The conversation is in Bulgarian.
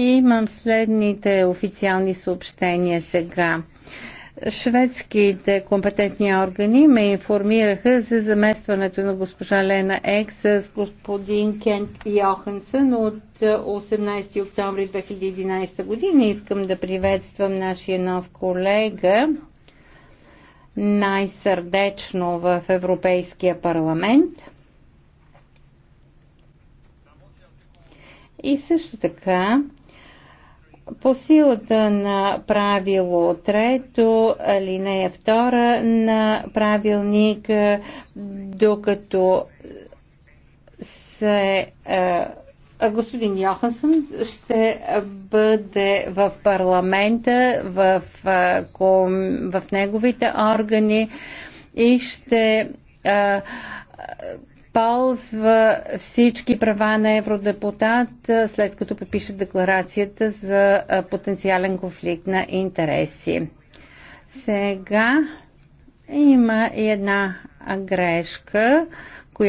Имам следните официални съобщения сега. Шведските компетентни органи ме информираха за заместването на госпожа Лена Ек с господин Кент Йохансън от 18 октомври 2011 година. Искам да приветствам нашия нов колега най-сърдечно в Европейския парламент. И също така по силата на правило 3, алинея 2 на правилник, е, докато се е, господин Йохансън ще бъде в парламента, в, е, в неговите органи и ще ползва всички права на евродепутат, след като подпише декларацията за потенциален конфликт на интереси. Сега има и една грешка.